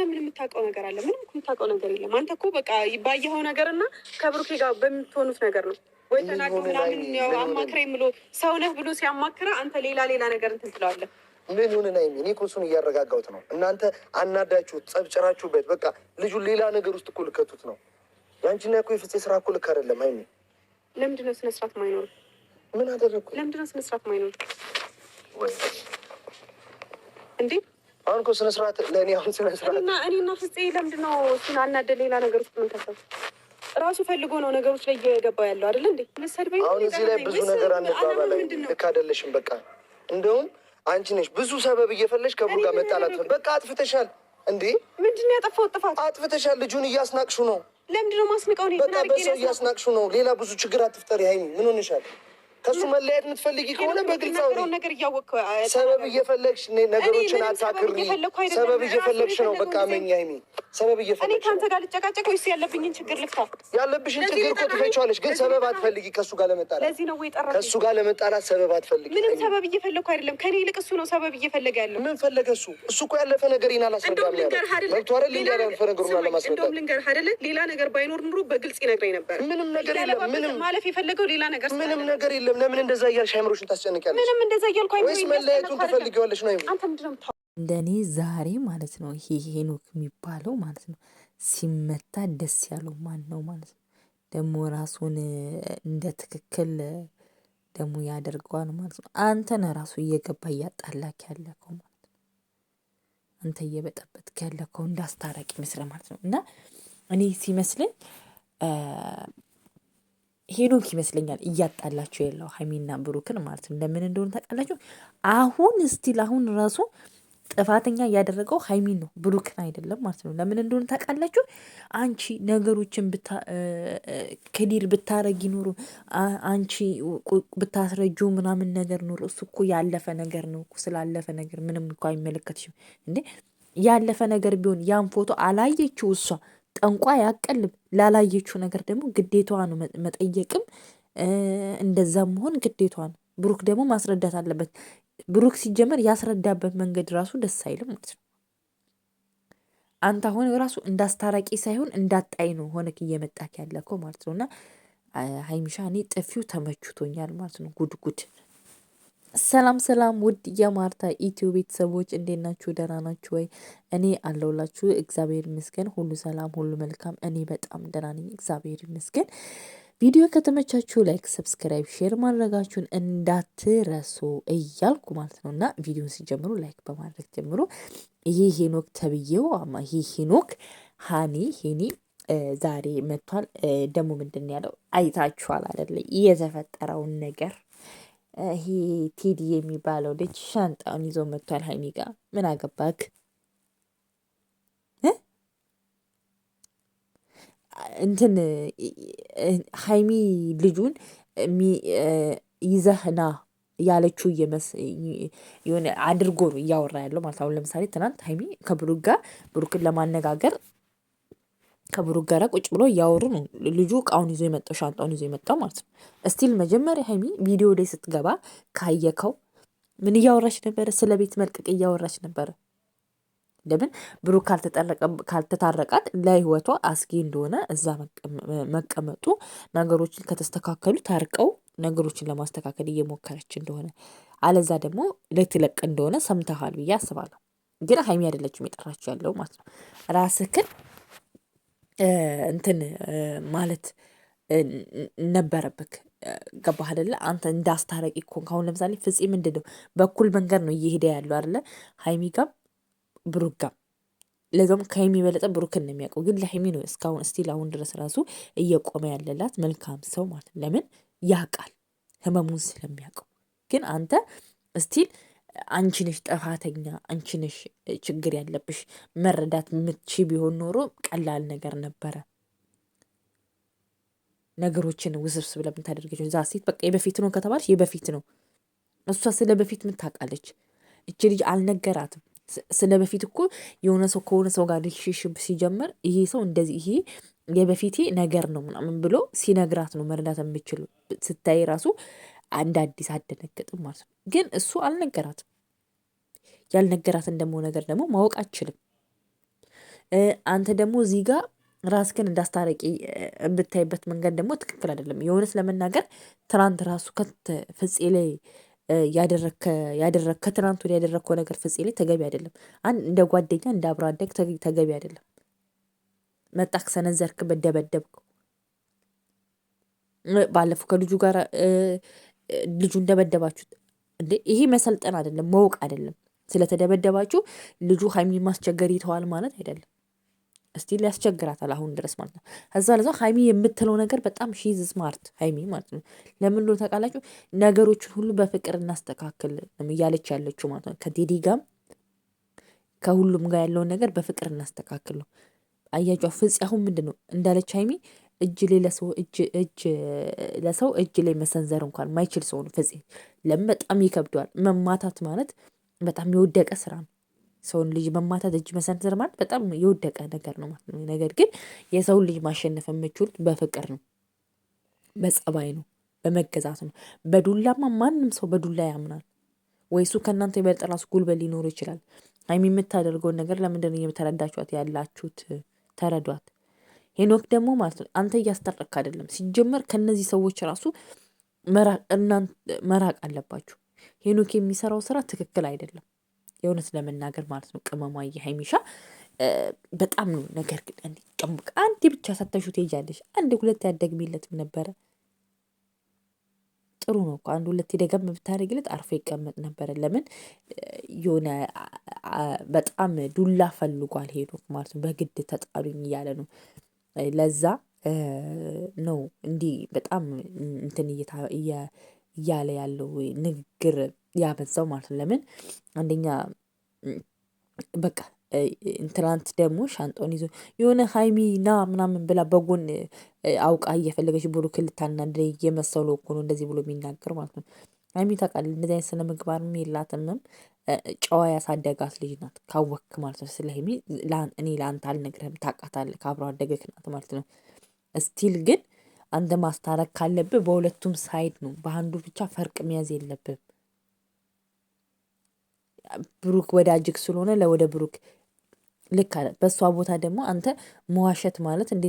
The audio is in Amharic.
ጋር ምን የምታውቀው ነገር አለ? ምንም የምታውቀው ነገር የለም። አንተ እኮ በቃ ባየኸው ነገር እና ከብሩኬ ጋር በምትሆኑት ነገር ነው ወይ ተናግሮ ምናምን ያው አማክረኝ ብሎ ሰው ነህ ብሎ ሲያማክረ አንተ ሌላ ሌላ ነገር እንትን ትለዋለህ። ምን ሆነ ናይሚ፣ እኔ እኮ እሱን እያረጋጋሁት ነው። እናንተ አናዳችሁት፣ ጸብጭራችሁበት፣ በቃ ልጁ ሌላ ነገር ውስጥ እኮ ልከቱት ነው። የአንቺና እኮ የፍፄ ስራ እኮ ልክ አይደለም አይሚ። ለምንድን ነው ስነስርዓት ማይኖር? ምን አደረግኩ? ለምንድን ነው ስነስርዓት ማይኖር እንዴ? አሁን እኮ ስርዓት ለእኔ አሁን ስነስርዓት እና እኔና ፍፄ ለምንድን ነው እሱን አናደ ሌላ ነገር ውስጥ የምንከሰው? ራሱ ፈልጎ ነው ነገሮች ላይ እየገባ ያለው አይደለ እንዴ? መሰድ አሁን እዚህ ላይ ብዙ ነገር አንባባ ላይ ልክ አይደለሽም። በቃ እንደውም አንቺ ነሽ ብዙ ሰበብ እየፈለሽ ጋር መጣላት። በቃ አጥፍተሻል እንዴ? ምንድን ነው ያጠፋሁት ጥፋት? አጥፍተሻል። ልጁን እያስናቅሹ ነው። ለምንድን ነው ማስንቀው? በቃ በሰው እያስናቅሹ ነው። ሌላ ብዙ ችግር አትፍጠሪ። ሀይሚ ምን ሆንሻል? ከሱ መለያየት የምትፈልጊ ከሆነ በግልጽ ሰበብ እየፈለግሽ ነገሮችን አታክሪ። ሰበብ እየፈለግሽ ነው። በቃ መኝ ሀይሚ፣ ሰበብ እየፈለግሽ እኔ ከአንተ ጋር ልጨቃጨቅ ወይስ ያለብኝን ችግር ልፍታ? ያለብሽን ችግር እኮ ትፈችዋለሽ፣ ግን ሰበብ አትፈልጊ። ከሱ ጋር ለመጣላት ለዚህ ነው የጠራሁት። ከሱ ጋር ለመጣላት ሰበብ አትፈልጊ። ምንም ሰበብ እየፈለግኩ አይደለም። ከኔ ይልቅ እሱ ነው ሰበብ እየፈለገ ያለው። ምን ፈለገ እሱ? እሱ እኮ ያለፈ ነገር ይህን አላስረዳም መብቱ አይደል? ሌላ ያለፈ ነገሩ ለማስረዳት እንደውም ልንገርህ አይደለ? ሌላ ነገር ባይኖር ኑሮ በግልጽ ይነግረኝ ነበር። ምንም ነገር የለም። ምንም ማለፍ የፈለገው ሌላ ነገር ምንም ነገር የለም። አይደለም። ለምን እንደዛ እያልሽ አይምሮሽን ታስጨንቂያለሽ? ምንም እንደዛ እያልኩ ወይስ መለያየቱን ትፈልጊዋለሽ ነው? አንተ ምንድነው ለእኔ ዛሬ ማለት ነው ይሄ ሄኖክ የሚባለው ማለት ነው ሲመታ ደስ ያለው ማን ነው ማለት ነው። ደግሞ ራሱን እንደ ትክክል ደግሞ ያደርገዋል ማለት ነው። አንተን ራሱ እየገባ እያጣላክ ያለከው ማለት ነው። አንተ እየበጠበጥክ ያለከው እንዳስታራቂ መስለ ማለት ነው። እና እኔ ሲመስለኝ ሄኖክ ይመስለኛል እያጣላቸው የለው ሀይሚና ብሩክን ማለት ነው። ለምን እንደሆነ ታውቃላችሁ? አሁን ስቲል አሁን ራሱ ጥፋተኛ እያደረገው ሀይሚን ነው ብሩክን አይደለም ማለት ነው። ለምን እንደሆነ ታውቃላችሁ? አንቺ ነገሮችን ክሊር ብታረጊ ኑሩ አንቺ ብታስረጁ ምናምን ነገር ኑሩ። እሱ እኮ ያለፈ ነገር ነው። ስላለፈ ነገር ምንም እኮ አይመለከትሽም እንዴ! ያለፈ ነገር ቢሆን ያን ፎቶ አላየችው እሷ ጠንቋ አቀልብ። ላላየችው ነገር ደግሞ ግዴታዋ ነው መጠየቅም፣ እንደዛ መሆን ግዴቷ ነው። ብሩክ ደግሞ ማስረዳት አለበት። ብሩክ ሲጀመር ያስረዳበት መንገድ ራሱ ደስ አይልም ማለት ነው። አንተ አሁን ራሱ እንዳስታራቂ ሳይሆን እንዳጣይ ነው ሆነክ እየመጣክ ያለከው ማለት ነው። እና ሀይሚሻ እኔ ጥፊው ተመችቶኛል ማለት ነው። ጉድጉድ ሰላም ሰላም ውድ የማርታ ኢትዮ ቤተሰቦች እንዴት ናችሁ? ደህና ናችሁ ወይ? እኔ አለሁላችሁ እግዚአብሔር ይመስገን። ሁሉ ሰላም፣ ሁሉ መልካም። እኔ በጣም ደህና ነኝ እግዚአብሔር ይመስገን። ቪዲዮ ከተመቻችሁ ላይክ፣ ሰብስክራይብ፣ ሼር ማድረጋችሁን እንዳትረሱ እያልኩ ማለት ነው እና ቪዲዮን ሲጀምሩ ላይክ በማድረግ ጀምሩ። ይሄ ሄኖክ ተብዬው አማ ይሄ ሄኖክ ሀኒ ሄኒ ዛሬ መጥቷል። ደግሞ ምንድን ያለው አይታችኋል አይደለ? የተፈጠረውን ነገር ይሄ ቴዲ የሚባለው ልጅ ሻንጣውን ይዞ መጥቷል። ሀይሚ ጋ ምን አገባክ? እንትን ሀይሚ ልጁን ይዘህና ያለችው የሆነ አድርጎ ነው እያወራ ያለው ማለት። አሁን ለምሳሌ ትናንት ሀይሚ ከብሩክ ጋር ብሩክን ለማነጋገር ከብሩክ ጋር ቁጭ ብሎ እያወሩ ነው። ልጁ እቃውን ይዞ የመጣው ሻንጣውን ይዞ የመጣው ማለት ነው። እስቲል መጀመሪያ ሀይሚ ቪዲዮ ላይ ስትገባ ካየከው ምን እያወራች ነበረ? ስለ ቤት መልቀቅ እያወራች ነበረ። ለምን ብሩክ ካልተታረቃት ለህይወቷ አስጊ እንደሆነ እዛ መቀመጡ ነገሮችን ከተስተካከሉ ታርቀው ነገሮችን ለማስተካከል እየሞከረች እንደሆነ አለዛ ደግሞ ልትለቅ እንደሆነ ሰምተሃል ብዬ አስባለሁ። ግን ሀይሚ አይደለችም የጠራችው ያለው ማለት ነው ራስህን እንትን ማለት ነበረብክ። ገባ አደለ አንተ እንዳስታረቂ ኮንክ። አሁን ለምሳሌ ፍፄ ምንድን ነው በኩል መንገድ ነው እየሄደ ያለው አደለ ሀይሚ ጋም ብሩክ ጋም ለዛም ከሀይሚ የበለጠ ብሩክን ነው የሚያውቀው፣ ግን ለሀይሚ ነው እስካሁን እስቲል አሁን ድረስ ራሱ እየቆመ ያለላት መልካም ሰው ማለት ለምን ያውቃል ህመሙን ስለሚያውቀው። ግን አንተ እስቲል አንቺ ነሽ ጥፋተኛ፣ አንቺ ነሽ ችግር ያለብሽ መረዳት ምቺ ቢሆን ኖሮ ቀላል ነገር ነበረ። ነገሮችን ውስብስብ ለምታደርገች እዛ ሴት በቃ የበፊት ነው ከተባለች የበፊት ነው። እሷ ስለ በፊት ምታውቃለች። እች ልጅ አልነገራትም። ስለ በፊት እኮ የሆነ ሰው ከሆነ ሰው ጋር ሪሌሽንሽፕ ሲጀምር ይሄ ሰው እንደዚህ ይሄ የበፊቴ ነገር ነው ምናምን ብሎ ሲነግራት ነው መረዳት የምችሉ ስታይ ራሱ አንድ አዲስ አደነገጥም ማለት ነው። ግን እሱ አልነገራትም። ያልነገራትን ደግሞ ነገር ደግሞ ማወቅ አችልም። አንተ ደግሞ እዚህ ጋር ራስህን እንዳስታረቂ የምታይበት መንገድ ደግሞ ትክክል አይደለም። የእውነት ለመናገር ትናንት ራሱ ከት ፍፄ ላይ ያደረግ ከትናንት ወዲያ ያደረግከው ነገር ፍፄ ላይ ተገቢ አይደለም። አንድ እንደ ጓደኛ እንደ አብሮ አደግ ተገቢ አይደለም። መጣክ፣ ሰነዘርክ፣ በደበደብከው ባለፈው ከልጁ ጋር ልጁ እንደበደባችሁት ይሄ መሰልጠን አይደለም፣ መወቅ አይደለም። ስለተደበደባችሁ ልጁ ሀይሚ ማስቸገር ይተዋል ማለት አይደለም። እስቲ ሊያስቸግራታል አሁን ድረስ ማለት ነው። ከዛ ለዛ ሀይሚ የምትለው ነገር በጣም ሺዝ ስማርት ሀይሚ ማለት ነው። ለምን ሎ ተቃላችሁ ነገሮችን ሁሉ በፍቅር እናስተካክል እያለች ያለችው ማለት ነው። ከቴዲ ጋም ከሁሉም ጋር ያለውን ነገር በፍቅር እናስተካክል ነው። አያጇ ፍጽ አሁን ምንድን ነው እንዳለች ሀይሚ እጅ ላይ ለሰው እጅ እጅ ለሰው እጅ ላይ መሰንዘር እንኳን ማይችል ሰው ነው ፍፄ። ለምን በጣም ይከብደዋል። መማታት ማለት በጣም የወደቀ ስራ ነው። ሰውን ልጅ መማታት እጅ መሰንዘር ማለት በጣም የወደቀ ነገር ነው ማለት ነው። ነገር ግን የሰውን ልጅ ማሸነፍ የምችሉት በፍቅር ነው፣ በጸባይ ነው፣ በመገዛት ነው። በዱላማ ማንም ሰው በዱላ ያምናል ወይ እሱ ከእናንተ የበለጠ ራሱ ጉልበት ሊኖሩ ይችላል። ሀይሚ የምታደርገውን ነገር ለምንድን ነው እየተረዳችኋት ያላችሁት? ተረዷት። ሄኖክ ደግሞ ማለት ነው አንተ እያስጠረክ አይደለም። ሲጀመር ከነዚህ ሰዎች ራሱ መራቅ አለባችሁ። ሄኖክ የሚሰራው ስራ ትክክል አይደለም፣ የእውነት ለመናገር ማለት ነው። ቅመሟ የሀይሚሻ በጣም ነው። ነገር ግን አንድ ብቻ ሰተሹ ትሄጃለሽ። አንድ ሁለት ያደግሚለትም ነበረ ጥሩ ነው እኮ አንድ ሁለት ደገም ብታደርግለት አርፎ ይቀመጥ ነበረ። ለምን የሆነ በጣም ዱላ ፈልጓል ሄኖክ ማለት ነው። በግድ ተጣሉኝ እያለ ነው። ለዛ ነው እንዲህ በጣም እንትን እያለ ያለው ንግግር ያበዛው ማለት ነው። ለምን አንደኛ በቃ ትናንት ደግሞ ሻንጣውን ይዞ የሆነ ሀይሚ ና ምናምን ብላ በጎን አውቃ እየፈለገች ብሎ ክልታና የመሰለው እኮ ነው እንደዚህ ብሎ የሚናገር ማለት ነው። ሀይሚ ታውቃለህ እንደዚህ አይነት ስነ ምግባርም የላትምም። ጨዋ ያሳደጋት ልጅ ናት ካወቅክ ማለት ነው። ስለ ሀይሚ እኔ ለአንተ አልነግርህም ታውቃታለህ ከአብሮ አደገክ ናት ማለት ነው። ስቲል ግን አንተ ማስታረቅ ካለብህ በሁለቱም ሳይድ ነው በአንዱ ብቻ ፈርቅ መያዝ የለብህም። ብሩክ ወዳጅክ ስለሆነ ለወደ ብሩክ ልክ አለ በእሷ ቦታ ደግሞ አንተ መዋሸት ማለት እንዴት